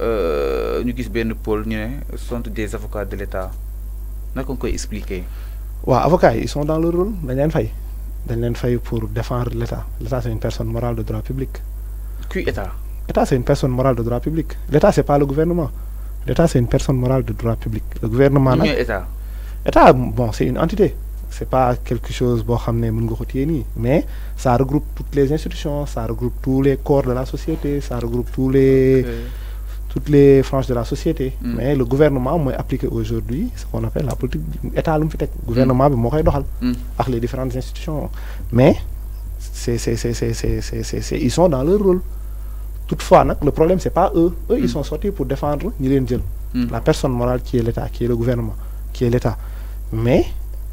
nous euh, gis sont des avocats de l'État Comment expliquer. Wa avocats ils sont dans le rôle dañ pour défendre l'État l'État c'est une personne morale de droit public. qui État. L'État c'est une personne morale de droit public l'État c'est pas le gouvernement l'État c'est une personne morale de droit public le gouvernement est État. bon c'est une entité. c'est pas quelque chose que xam ne mais ça regroupe toutes les institutions ça regroupe tous les corps de la société ça regroupe tous les toutes les franges de la société. Mm. Mais le gouvernement m'a appliqué aujourd'hui ce qu'on appelle la politique d'État Le mm. gouvernement mm. avec les différentes institutions. Mais ils sont dans leur rôle. Toutefois, le problème, c'est pas eux. Eux, ils mm. sont sortis pour défendre la personne morale qui est l'État, qui est le gouvernement, qui est l'État. Mais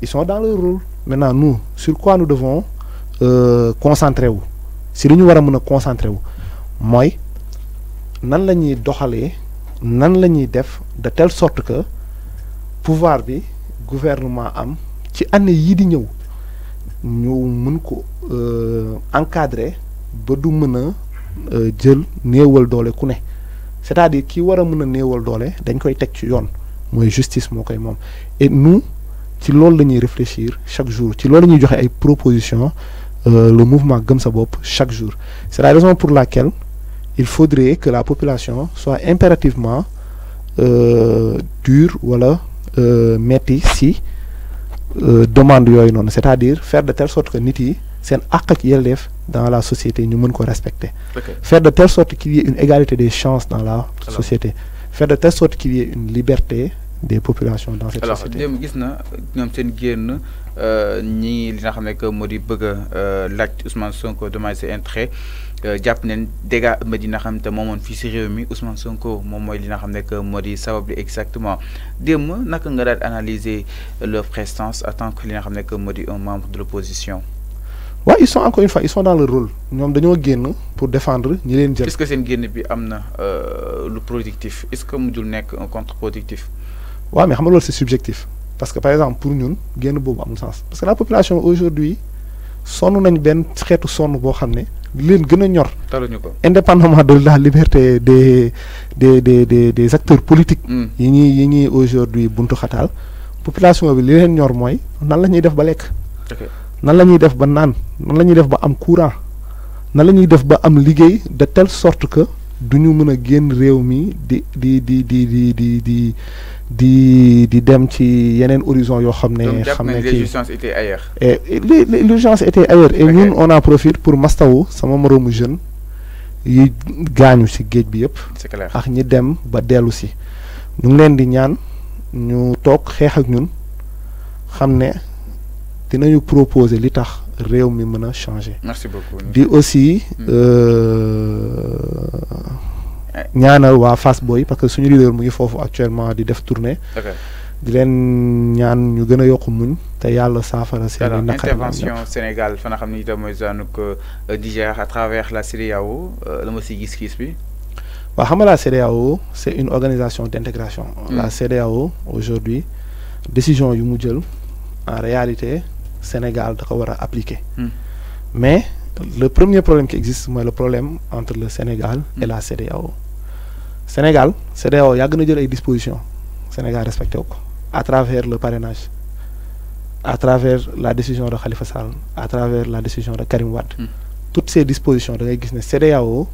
ils sont dans leur rôle. Maintenant, nous, sur quoi nous devons euh, concentrer Si nous devons nous concentrer, moi, nan lañuy fait nan de telle sorte que pouvoir bi gouvernement am ci année yi di ñew ñu mën ko euh, encadrer ba du mëna euh, jël c'est-à-dire ki wara mëna dañ koy justice de koy et nous ci loolu réfléchir chaque jour ci loolu lañuy propositions euh, le mouvement gëm sa chaque jour c'est la raison pour laquelle il faudrait que la population soit impérativement euh, dure ou euh, metti si euh, demande non c'est-à-dire faire de telle sorte que niti c'est un acte qui dans la société nous ko respecter faire de telle sorte qu'il y ait une égalité des chances dans la société faire de telle sorte qu'il y ait une liberté des populations dans cette alors démb euh, que je que bëgg a l'acte Ousmane c'est un trait euh, japonais neen dégâts ëmb yi nga xam te moomoon fii si réew mi Ousmane Sonko mom moy li nga xam nekk moo di sabab exactement dem nak nga daal analyser leur présence en tant que li nga xam que moo un membre de l'opposition ils sont encore une fois ils sont dans le rôle ñoom dañoo génn pour défendre ñi leen jël est-ce que c'est une bi am na euh, le productif est-ce que mujjul nekk un contre-productif ouais mais xam c'est subjectif parce que par exemple pour ñun génn boobu amul sens parce que la population aujourd'hui sonn nañ benn xeetu ou son xam ne li leen gën a ñor. taluñu ko indépendamment de la liberté de des de des des acteurs politiques. Hmm. yi ñuy yi ñuy aujourd'hui buntu xataal population bi li leen ñor mooy nan la ñuy def ba lekk. nan la ñuy def ba naan nan la ñuy def ba am courant nan la ñuy def ba am liggéey de tele sorte que du ñu mën a génn réew mi di di di di di di di. di di dem ci yeneen horizon yoo xam ne xam l'urgence était ailleurs et l'urgence était ailleurs et ñun on en profite pour mastawu sama moroomu jeune yi gaañu ci géej bi yëpp ak ñi dem ba dellu si ñu ngi leen di ñaan ñu toog xeex ak ñun xam dinañu proposer li tax réew mi mën a changer merci beaucoup di aussi mm. euh, ñaanal waa Fass Boy parce que suñu leader mu ngi foofu actuellement di def tournée. di leen ñaan ñu gën a yokk muñ te yàlla saafara seen naqar intervention Sénégal fa nga xam ne itam mooy euh, à travers la CEDEAO euh, la ma si bi. waaw xam la CEDEAO c'est une organisation d'intégration. Hmm. la CEDEAO aujourd'hui décision yu mu en réalité Sénégal da ko appliquer. Hmm. mais le premier problème qui existe c'est le problème entre le Sénégal et hmm. la CEDEAO. Sénégal CDAO, il y a des dispositions Sénégal respecte à travers le parrainage à travers la décision de Khalifa Sall à travers la décision de Karim Wade. Hmm. toutes ces dispositions de la CEDEAO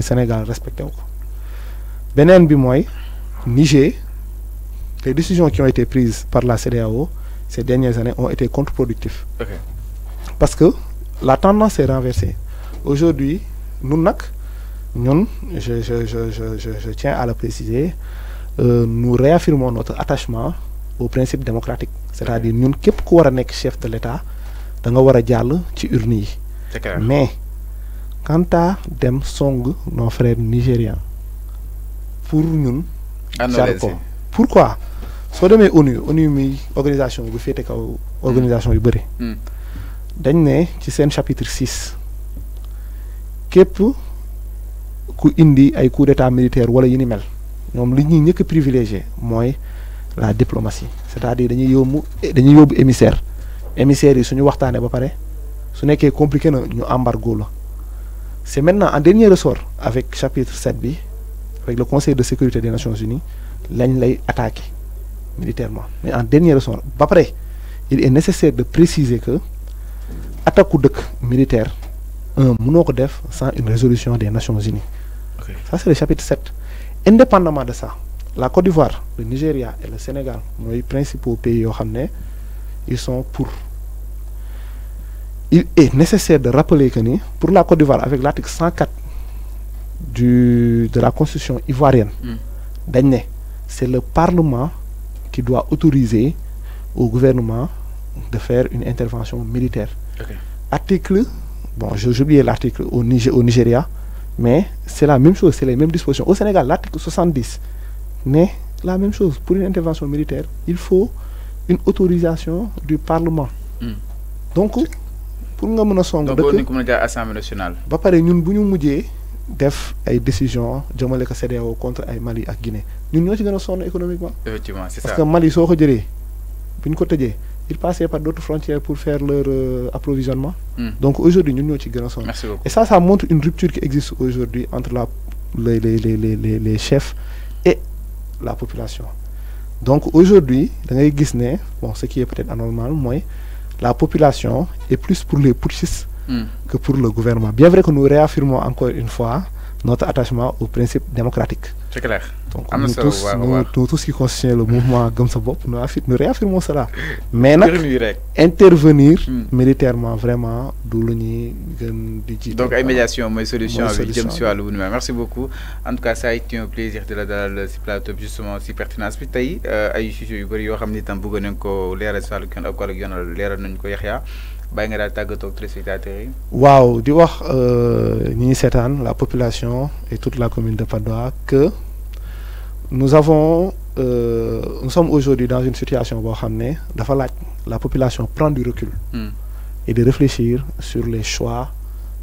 Sénégal respecte. au Niger les décisions qui ont été prises par la CDAO ces dernières années ont été contre-productives. parce que la tendance est renversée aujourd'hui nous n'avons nous, je, je, je, je, tiens à le préciser, euh, nous réaffirmons notre attachement au principe démocratique. C'est-à-dire, que nous, qui le chef de l'État, nous devons aller urne. Mais, quant à Dem Song, nos frères nigériens, pour nous, pourquoi soo demee ONU ONU une organisation une kaw organisation libérée dans le chapitre ci quest chapitre 6 ku indi ay coup d'état militaire wala yini mel ñom li ñi ñëk moy la diplomatie c'est-à-dire dañuy yóbbu eh, dañuy émissaires émissaire émissaires yi suñu waxtané ba paré su nekkee compliqué na ñu embargo la c'est maintenant en dernier ressort avec chapitre 7 bi avec le conseil de sécurité des nations unies lañ lay attaquer militairement mais en dernier ressort ba paré il est nécessaire de préciser que attaque de militaire un mënoo ko def sans une résolution des nations unies ça, c'est le chapitre 7. Indépendamment de ça, la Côte d'Ivoire, le Nigeria et le Sénégal, les principaux pays au ils sont pour. Il est nécessaire de rappeler que pour la Côte d'Ivoire, avec l'article 104 du, de la Constitution ivoirienne, hmm. c'est le Parlement qui doit autoriser au gouvernement de faire une intervention militaire. Article, bon, j'ai oublié l'article au, au Nigeria, mais c'est la même chose, c'est les mêmes dispositions. Au Sénégal, l'article 70 mais la même chose. Pour une intervention militaire, il faut une autorisation du Parlement. Hmm. Donc, pour nous, nous sommes... Donc, nous l'Assemblée nationale. Nous avons def ay décision jëmale ko CEDEAO contre ay Mali ak Guinée ñun ñoo ci gëna a sonn économiquement effectivement c'est ça parce que Mali soo ko jëlee ko ils passaient par d'autres frontières pour faire leur euh, approvisionnement. Hmm. Donc aujourd'hui, nous nous Merci beaucoup. Et ça, ça montre une rupture qui existe aujourd'hui entre la, les, chefs et la population. Donc aujourd'hui, bon, ce qui est peut-être anormal, moi, la population est plus pour les putschistes hmm. que pour le gouvernement. Bien vrai que nous réaffirmons encore une fois notre attachement au principe démocratique C'est clair. Donc, nous tous, qui concerne le mouvement nous, nous réaffirmons cela. Mais intervenir hmm. militairement, vraiment, Donc, médiation, solution Merci beaucoup. En tout cas, ça a été un plaisir de la plateau, justement, si pertinent. Wow, euh, la population et toute la commune de Padua que nous avons euh, nous sommes aujourd'hui dans une situation où la population prend du recul. Hmm. et de réfléchir sur les choix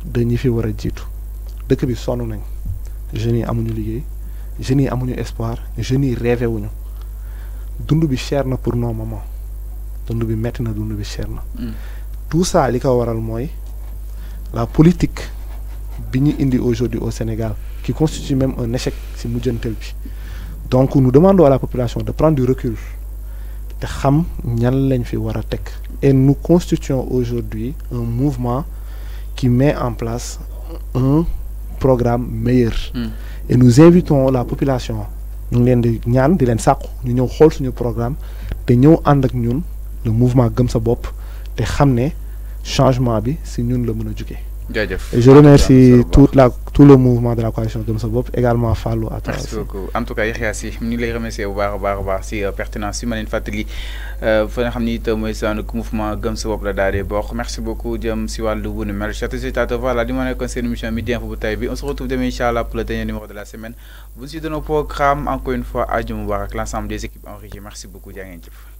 de ni fi nous que Nous sommes bi nous amuñu pas espoir je rêvé cher pour nos maman Nous sommes tout ça waral Moy, la politique indi aujourd'hui au Sénégal qui constitue même un échec si si le bi donc nous demandons à la population de prendre du recul te xam ñan lañ fi et nous constituons aujourd'hui un mouvement qui met en place un programme meilleur hmm. et nous invitons la population ñu avons leen di ñaan di leen sàqu ñu suñu programme te ñew and ak le mouvement gëm sa te xamné ne changement bi si ñun la mëna juké jugee. je remercie toute la tout le mouvement de la coalition de sa bopp également Fallou à travers merci beaucoup en tout cas Yaxya si ñu lay remercier bu baax a baax baax si euh, pertinence si ma fatali euh fa nga xam ni it mooy mouvement Gëm sa bopp la daré bok merci beaucoup jëm si wàllu bu nu mel chers téléspectateurs voilà li ma nekkoon seen mission Midi Info bu tay bi on se retrouve demain incha pour le dernier numéro de la semaine Vous suivez nos programmes encore une fois A bu baax l'ensemble des équipes en régie merci beaucoup jaa jëf.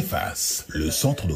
Cefas, le centre de